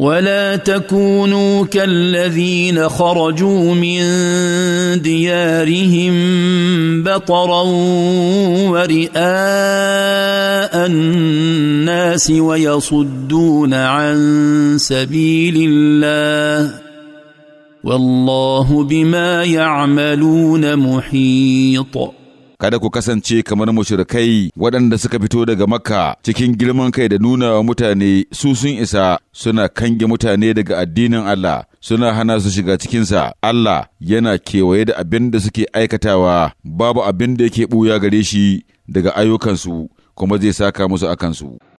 ولا تكونوا كالذين خرجوا من ديارهم بطرا ورئاء الناس ويصدون عن سبيل الله والله بما يعملون محيط kada ku kasance kamar mushrikai waɗanda suka fito daga Makka cikin girman kai da nuna wa mutane su sun isa suna kange mutane daga addinin Allah suna hana su shiga cikinsa Allah yana kewaye da abin da suke aikatawa babu abin da yake ɓuya gare shi daga ayyukansu kuma zai saka musu akansu.